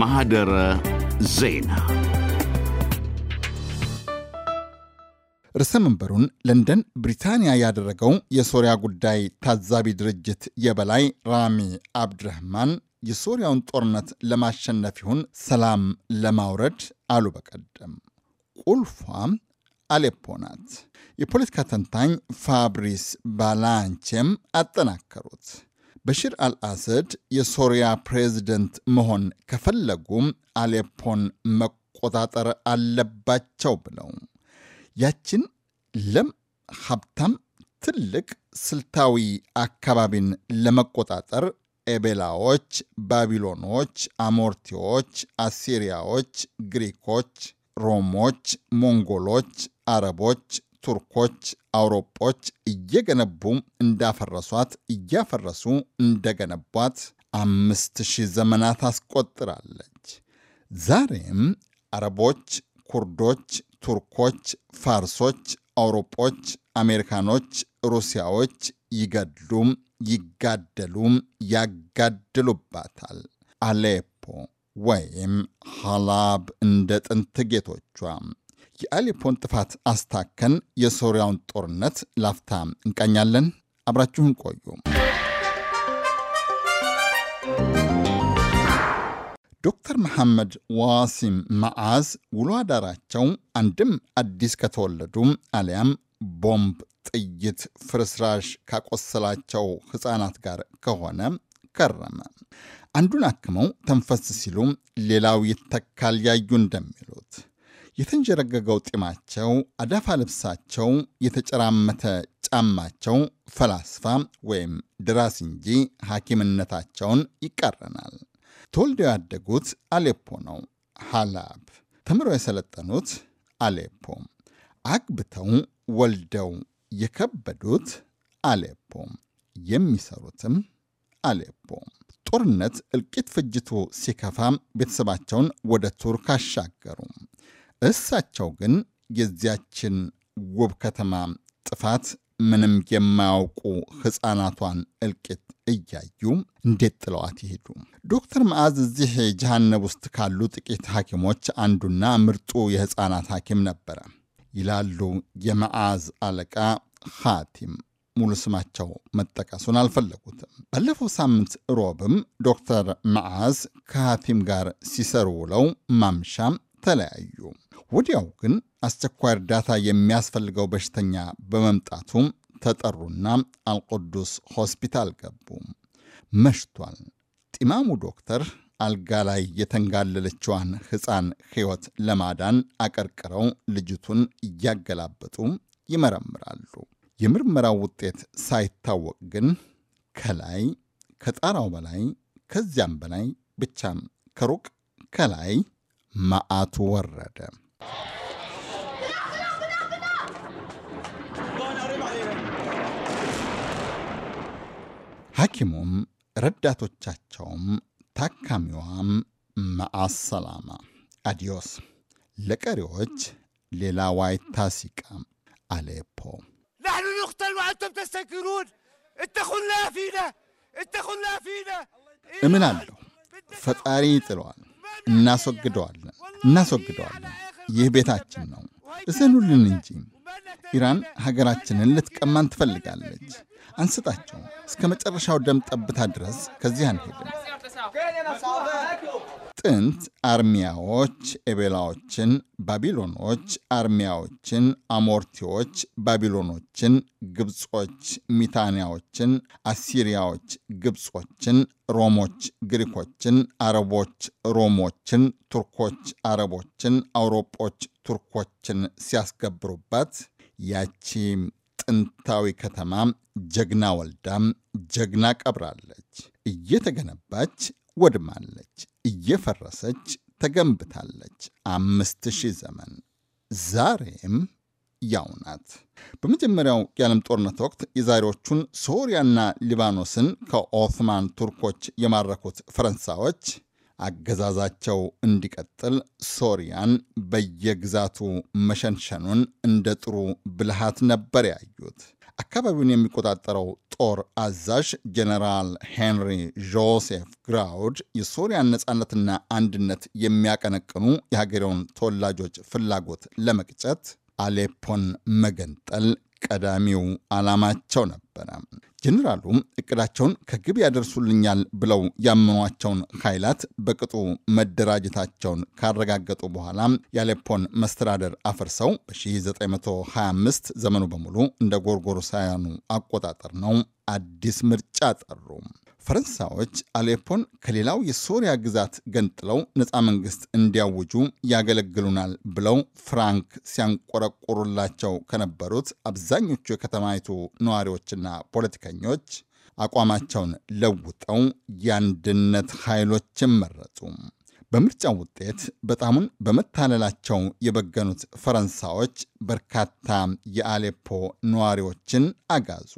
ማህደረ ዜና ርዕሰ መንበሩን ለንደን ብሪታንያ ያደረገው የሶሪያ ጉዳይ ታዛቢ ድርጅት የበላይ ራሚ አብድረህማን የሶሪያውን ጦርነት ለማሸነፍ ይሁን ሰላም ለማውረድ አሉ በቀደም ቁልፏ። አሌፖ ናት። የፖለቲካ ተንታኝ ፋብሪስ ባላንቼም አጠናከሩት። በሽር አልአሰድ የሶሪያ ፕሬዝደንት መሆን ከፈለጉም አሌፖን መቆጣጠር አለባቸው ብለው ያችን ለም ሀብታም ትልቅ ስልታዊ አካባቢን ለመቆጣጠር ኤቤላዎች፣ ባቢሎኖች፣ አሞርቲዎች፣ አሲሪያዎች፣ ግሪኮች፣ ሮሞች፣ ሞንጎሎች፣ አረቦች፣ ቱርኮች፣ አውሮጶች እየገነቡ እንዳፈረሷት እያፈረሱ እንደገነቧት አምስት ሺህ ዘመናት አስቆጥራለች። ዛሬም አረቦች፣ ኩርዶች፣ ቱርኮች፣ ፋርሶች፣ አውሮጶች፣ አሜሪካኖች፣ ሩሲያዎች ይገድሉም ይጋደሉም ያጋድሉባታል። አሌፖ ወይም ሐላብ እንደ ጥንት ጌቶቿ የአሌፖን ጥፋት አስታከን የሶሪያውን ጦርነት ላፍታ እንቃኛለን። አብራችሁን ቆዩ። ዶክተር መሐመድ ዋሲም መዓዝ ውሎ አዳራቸው አንድም አዲስ ከተወለዱ አሊያም ቦምብ፣ ጥይት፣ ፍርስራሽ ካቆሰላቸው ሕፃናት ጋር ከሆነ ከረመ። አንዱን አክመው ተንፈስ ሲሉ ሌላው ይተካል ያዩ እንደሚሉት የተንጀረገገው ጢማቸው፣ አዳፋ ልብሳቸው፣ የተጨራመተ ጫማቸው ፈላስፋ ወይም ድራስ እንጂ ሐኪምነታቸውን ይቃረናል። ተወልደው ያደጉት አሌፖ ነው፣ ሐላብ። ተምረው የሰለጠኑት አሌፖ። አግብተው ወልደው የከበዱት አሌፖ። የሚሰሩትም አሌፖ። ጦርነት፣ እልቂት፣ ፍጅቱ ሲከፋ ቤተሰባቸውን ወደ ቱርክ አሻገሩ። እሳቸው ግን የዚያችን ውብ ከተማ ጥፋት ምንም የማያውቁ ሕፃናቷን እልቂት እያዩ እንዴት ጥለዋት ይሄዱ? ዶክተር መዓዝ እዚህ ጀሃነብ ውስጥ ካሉ ጥቂት ሐኪሞች አንዱና ምርጡ የሕፃናት ሐኪም ነበረ ይላሉ የመዓዝ አለቃ ሐቲም። ሙሉ ስማቸው መጠቀሱን አልፈለጉትም። ባለፈው ሳምንት ሮብም ዶክተር መዓዝ ከሐቲም ጋር ሲሰሩ ውለው ማምሻም ተለያዩ። ወዲያው ግን አስቸኳይ እርዳታ የሚያስፈልገው በሽተኛ በመምጣቱም ተጠሩና አልቁዱስ ሆስፒታል ገቡ። መሽቷል። ጢማሙ ዶክተር አልጋ ላይ የተንጋለለችዋን ሕፃን ሕይወት ለማዳን አቀርቅረው ልጅቱን እያገላበጡ ይመረምራሉ። የምርመራው ውጤት ሳይታወቅ ግን ከላይ ከጣራው በላይ ከዚያም በላይ ብቻም ከሩቅ ከላይ መዓቱ ወረደ። ሐኪሙም ረዳቶቻቸውም ታካሚዋም ማአሰላማ አዲዮስ። ለቀሪዎች ሌላ ዋይታ ሲቃ አሌፖ ናሕኑ ኑቅተል ወአንቱም ተስተንኪሩን እተኹና ፊና እምን አለሁ ፈጣሪ ይጥለዋል። እናስወግደዋለን እናስወግደዋለን። ይህ ቤታችን ነው። እዘኑልን እንጂ ኢራን ሀገራችንን ልትቀማን ትፈልጋለች። አንስጣቸው እስከ መጨረሻው ደም ጠብታ ድረስ ከዚህ አንሄድም። ጥንት አርሚያዎች ኤቤላዎችን፣ ባቢሎኖች አርሚያዎችን፣ አሞርቲዎች ባቢሎኖችን፣ ግብጾች ሚታንያዎችን፣ አሲሪያዎች ግብጾችን፣ ሮሞች ግሪኮችን፣ አረቦች ሮሞችን፣ ቱርኮች አረቦችን፣ አውሮጶች ቱርኮችን ሲያስገብሩባት ያቺ ጥንታዊ ከተማ ጀግና ወልዳም ጀግና ቀብራለች። እየተገነባች ወድማለች፣ እየፈረሰች ተገንብታለች። አምስት ሺህ ዘመን ዛሬም ያው ናት። በመጀመሪያው የዓለም ጦርነት ወቅት የዛሬዎቹን ሶሪያና ሊባኖስን ከኦትማን ቱርኮች የማረኩት ፈረንሳዮች አገዛዛቸው እንዲቀጥል ሶሪያን በየግዛቱ መሸንሸኑን እንደ ጥሩ ብልሃት ነበር ያዩት። አካባቢውን የሚቆጣጠረው ጦር አዛዥ ጀነራል ሄንሪ ጆሴፍ ግራውድ የሶሪያን ነፃነትና አንድነት የሚያቀነቅኑ የሀገሬውን ተወላጆች ፍላጎት ለመቅጨት አሌፖን መገንጠል ቀዳሚው ዓላማቸው ነበረ። ጀኔራሉ እቅዳቸውን ከግብ ያደርሱልኛል ብለው ያመኗቸውን ኃይላት በቅጡ መደራጀታቸውን ካረጋገጡ በኋላ የአሌፖን መስተዳደር አፈርሰው በ1925 ዘመኑ በሙሉ እንደ ጎርጎሮሳውያኑ አቆጣጠር ነው አዲስ ምርጫ ጠሩ። ፈረንሳዮች አሌፖን ከሌላው የሶሪያ ግዛት ገንጥለው ነፃ መንግስት እንዲያውጁ ያገለግሉናል ብለው ፍራንክ ሲያንቆረቆሩላቸው ከነበሩት አብዛኞቹ የከተማይቱ ነዋሪዎችና ፖለቲከኞች አቋማቸውን ለውጠው የአንድነት ኃይሎችን መረጡ። በምርጫው ውጤት በጣሙን በመታለላቸው የበገኑት ፈረንሳዮች በርካታ የአሌፖ ነዋሪዎችን አጋዙ፣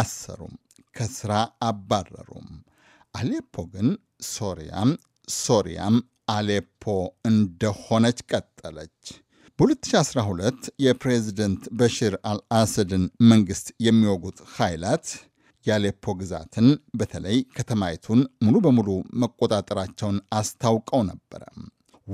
አሰሩም። ከስራ አባረሩም። አሌፖ ግን ሶሪያም ሶሪያም አሌፖ እንደሆነች ቀጠለች። በ2012 የፕሬዝደንት በሽር አልአሰድን መንግሥት የሚወጉት ኃይላት የአሌፖ ግዛትን በተለይ ከተማይቱን ሙሉ በሙሉ መቆጣጠራቸውን አስታውቀው ነበረ።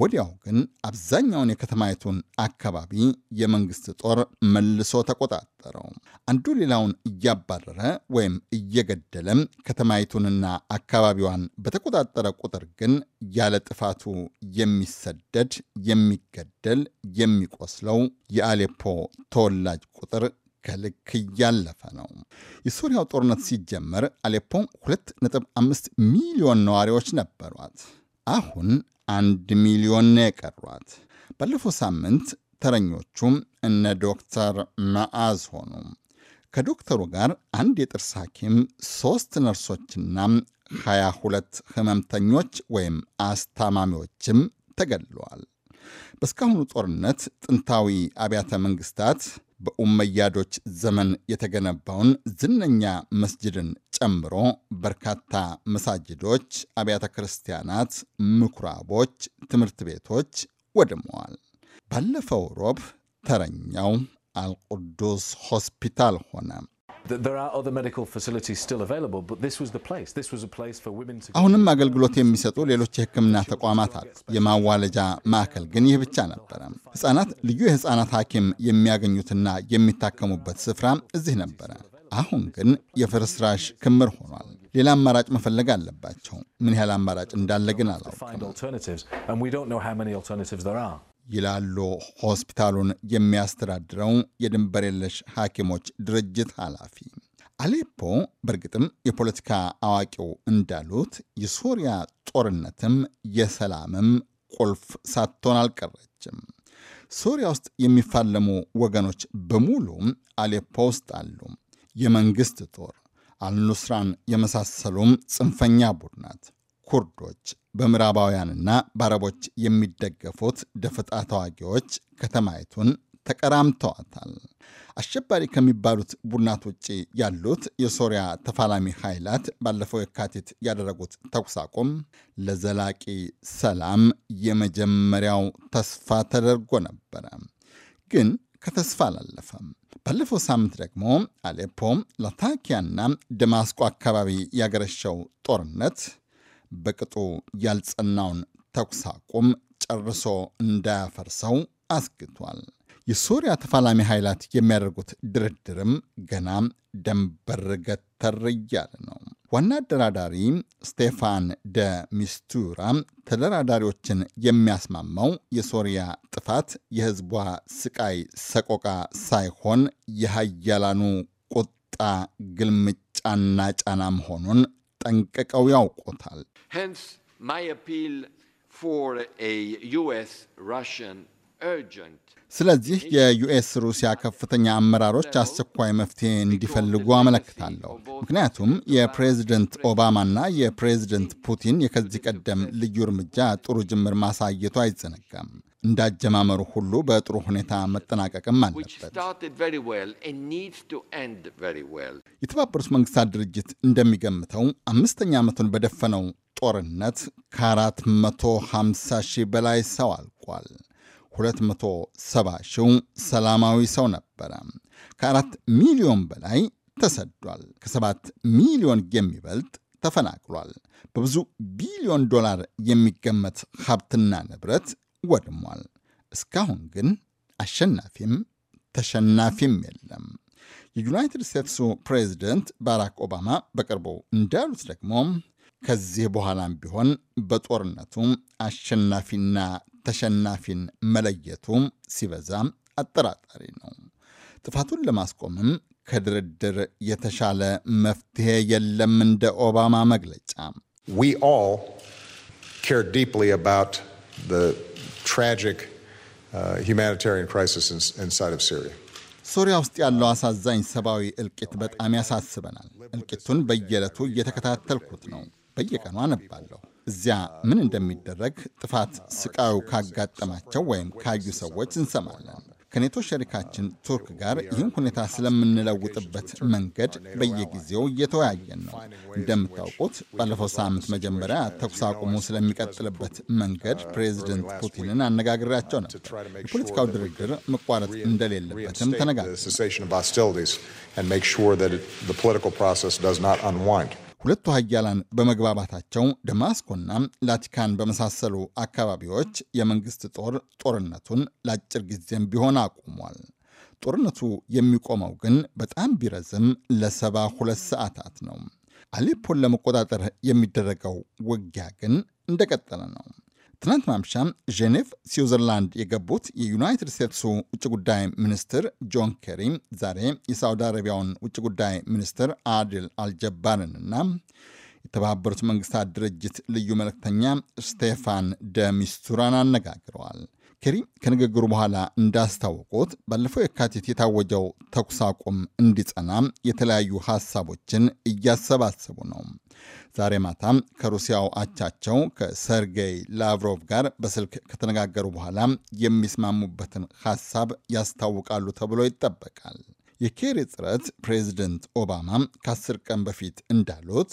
ወዲያው ግን አብዛኛውን የከተማይቱን አካባቢ የመንግስት ጦር መልሶ ተቆጣጠረው። አንዱ ሌላውን እያባረረ ወይም እየገደለም ከተማይቱንና አካባቢዋን በተቆጣጠረ ቁጥር ግን ያለ ጥፋቱ የሚሰደድ የሚገደል፣ የሚቆስለው የአሌፖ ተወላጅ ቁጥር ከልክ እያለፈ ነው። የሱሪያው ጦርነት ሲጀመር አሌፖ 2.5 ሚሊዮን ነዋሪዎች ነበሯት። አሁን አንድ ሚሊዮን ነው የቀሯት። ባለፈው ሳምንት ተረኞቹም እነ ዶክተር መዓዝ ሆኑ። ከዶክተሩ ጋር አንድ የጥርስ ሐኪም፣ ሦስት ነርሶችና 22 ህመምተኞች ወይም አስታማሚዎችም ተገድለዋል። በእስካሁኑ ጦርነት ጥንታዊ አብያተ መንግስታት በኡመያዶች ዘመን የተገነባውን ዝነኛ መስጅድን ጨምሮ በርካታ መሳጅዶች፣ አብያተ ክርስቲያናት፣ ምኩራቦች፣ ትምህርት ቤቶች ወድመዋል። ባለፈው ሮብ ተረኛው አልቁዱስ ሆስፒታል ሆነ። አሁንም አገልግሎት የሚሰጡ ሌሎች የሕክምና ተቋማት አሉ። የማዋለጃ ማዕከል ግን ይህ ብቻ ነበረ። ሕፃናት ልዩ የሕፃናት ሐኪም የሚያገኙትና የሚታከሙበት ስፍራ እዚህ ነበረ። አሁን ግን የፍርስራሽ ክምር ሆኗል። ሌላ አማራጭ መፈለግ አለባቸው። ምን ያህል አማራጭ እንዳለ ግን አላውቅም። ይላሉ ሆስፒታሉን የሚያስተዳድረው የድንበር የለሽ ሐኪሞች ድርጅት ኃላፊ። አሌፖ በእርግጥም የፖለቲካ አዋቂው እንዳሉት የሶሪያ ጦርነትም የሰላምም ቁልፍ ሳትሆን አልቀረችም። ሶሪያ ውስጥ የሚፋለሙ ወገኖች በሙሉ አሌፖ ውስጥ አሉ። የመንግሥት ጦር፣ አልኑስራን የመሳሰሉም ጽንፈኛ ቡድናት፣ ኩርዶች፣ በምዕራባውያንና በአረቦች የሚደገፉት ደፈጣ ተዋጊዎች ከተማይቱን ተቀራምተዋታል። አሸባሪ ከሚባሉት ቡድናት ውጭ ያሉት የሶሪያ ተፋላሚ ኃይላት ባለፈው የካቲት ያደረጉት ተኩስ አቁም ለዘላቂ ሰላም የመጀመሪያው ተስፋ ተደርጎ ነበረ። ግን ከተስፋ አላለፈም። ባለፈው ሳምንት ደግሞ አሌፖ፣ ላታኪያና ደማስቆ አካባቢ ያገረሸው ጦርነት በቅጡ ያልጸናውን ተኩስ አቁም ጨርሶ እንዳያፈርሰው አስግቷል። የሶሪያ ተፋላሚ ኃይላት የሚያደርጉት ድርድርም ገና ደንበር ገተር እያለ ነው። ዋና አደራዳሪ ስቴፋን ደ ሚስቱራ ተደራዳሪዎችን የሚያስማማው የሶሪያ ጥፋት የህዝቧ ስቃይ ሰቆቃ ሳይሆን የሀያላኑ ቁጣ ግልምጫና ጫና መሆኑን ጠንቅቀው ያውቁታል። Hence, my appeal for a US-Russian ስለዚህ የዩኤስ ሩሲያ ከፍተኛ አመራሮች አስቸኳይ መፍትሄ እንዲፈልጉ አመለክታለሁ። ምክንያቱም የፕሬዝደንት ኦባማና የፕሬዝደንት ፑቲን የከዚህ ቀደም ልዩ እርምጃ ጥሩ ጅምር ማሳየቱ አይዘነጋም። እንዳጀማመሩ ሁሉ በጥሩ ሁኔታ መጠናቀቅም አለበት። የተባበሩት መንግስታት ድርጅት እንደሚገምተው አምስተኛ ዓመቱን በደፈነው ጦርነት ከ450 ሺህ በላይ ሰው አልቋል። 270 ሺው ሰላማዊ ሰው ነበረ። ከአራት ሚሊዮን በላይ ተሰዷል። ከሰባት ሚሊዮን የሚበልጥ ተፈናቅሏል። በብዙ ቢሊዮን ዶላር የሚገመት ሀብትና ንብረት ወድሟል። እስካሁን ግን አሸናፊም ተሸናፊም የለም። የዩናይትድ ስቴትሱ ፕሬዚደንት ባራክ ኦባማ በቅርቡ እንዳሉት ደግሞ ከዚህ በኋላም ቢሆን በጦርነቱ አሸናፊና ተሸናፊን መለየቱ ሲበዛ አጠራጣሪ ነው። ጥፋቱን ለማስቆምም ከድርድር የተሻለ መፍትሄ የለም። እንደ ኦባማ መግለጫ tragic uh, humanitarian crisis in, inside of Syria. ሶሪያ ውስጥ ያለው አሳዛኝ ሰብአዊ እልቂት በጣም ያሳስበናል። እልቂቱን በየዕለቱ እየተከታተልኩት ነው። በየቀኑ አነባለሁ። እዚያ ምን እንደሚደረግ ጥፋት፣ ስቃዩ ካጋጠማቸው ወይም ካዩ ሰዎች እንሰማለን። ከኔቶ ሸሪካችን ቱርክ ጋር ይህን ሁኔታ ስለምንለውጥበት መንገድ በየጊዜው እየተወያየን ነው። እንደምታውቁት ባለፈው ሳምንት መጀመሪያ ተኩስ አቁሙ ስለሚቀጥልበት መንገድ ፕሬዚደንት ፑቲንን አነጋግሬያቸው ነበር። የፖለቲካው ድርድር መቋረጥ እንደሌለበትም ተነጋግረናል። ሁለቱ ሀያላን በመግባባታቸው ደማስቆና ላቲካን በመሳሰሉ አካባቢዎች የመንግስት ጦር ጦርነቱን ለአጭር ጊዜም ቢሆን አቁሟል። ጦርነቱ የሚቆመው ግን በጣም ቢረዝም ለሰባ ሁለት ሰዓታት ነው። አሌፖን ለመቆጣጠር የሚደረገው ውጊያ ግን እንደቀጠለ ነው። ትናንት ማምሻ ጄኔቭ ስዊዘርላንድ የገቡት የዩናይትድ ስቴትሱ ውጭ ጉዳይ ሚኒስትር ጆን ኬሪ ዛሬ የሳውዲ አረቢያውን ውጭ ጉዳይ ሚኒስትር አድል አልጀባርንና የተባበሩት መንግስታት ድርጅት ልዩ መልእክተኛ ስቴፋን ደሚስቱራን አነጋግረዋል። ኬሪ ከንግግሩ በኋላ እንዳስታወቁት ባለፈው የካቲት የታወጀው ተኩስ አቁም እንዲጸና የተለያዩ ሀሳቦችን እያሰባሰቡ ነው። ዛሬ ማታ ከሩሲያው አቻቸው ከሰርጌይ ላቭሮቭ ጋር በስልክ ከተነጋገሩ በኋላ የሚስማሙበትን ሀሳብ ያስታውቃሉ ተብሎ ይጠበቃል። የኬሪ ጥረት ፕሬዚደንት ኦባማ ከአስር ቀን በፊት እንዳሉት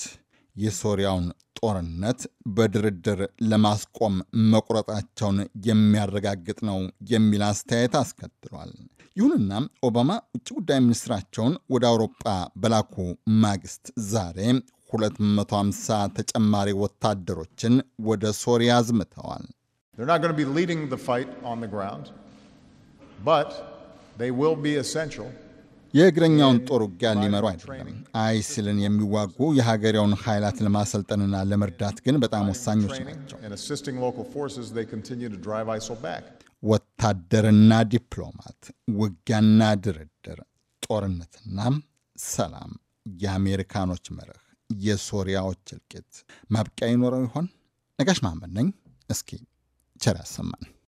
የሶሪያውን ጦርነት በድርድር ለማስቆም መቁረጣቸውን የሚያረጋግጥ ነው የሚል አስተያየት አስከትሏል። ይሁንና ኦባማ ውጭ ጉዳይ ሚኒስትራቸውን ወደ አውሮጳ በላኩ ማግስት ዛሬ 250 ተጨማሪ ወታደሮችን ወደ ሶሪያ አዝምተዋል። They're የእግረኛውን ጦር ውጊያ ሊመሩ አይደለም። አይሲልን የሚዋጉ የሀገሬውን ኃይላት ለማሰልጠንና ለመርዳት ግን በጣም ወሳኞች ናቸው። ወታደርና ዲፕሎማት፣ ውጊያና ድርድር፣ ጦርነትና ሰላም የአሜሪካኖች መርህ፣ የሶሪያዎች እልቂት ማብቂያ ይኖረው ይሆን? ነጋሽ መሐመድ ነኝ። እስኪ ቸር ያሰማን።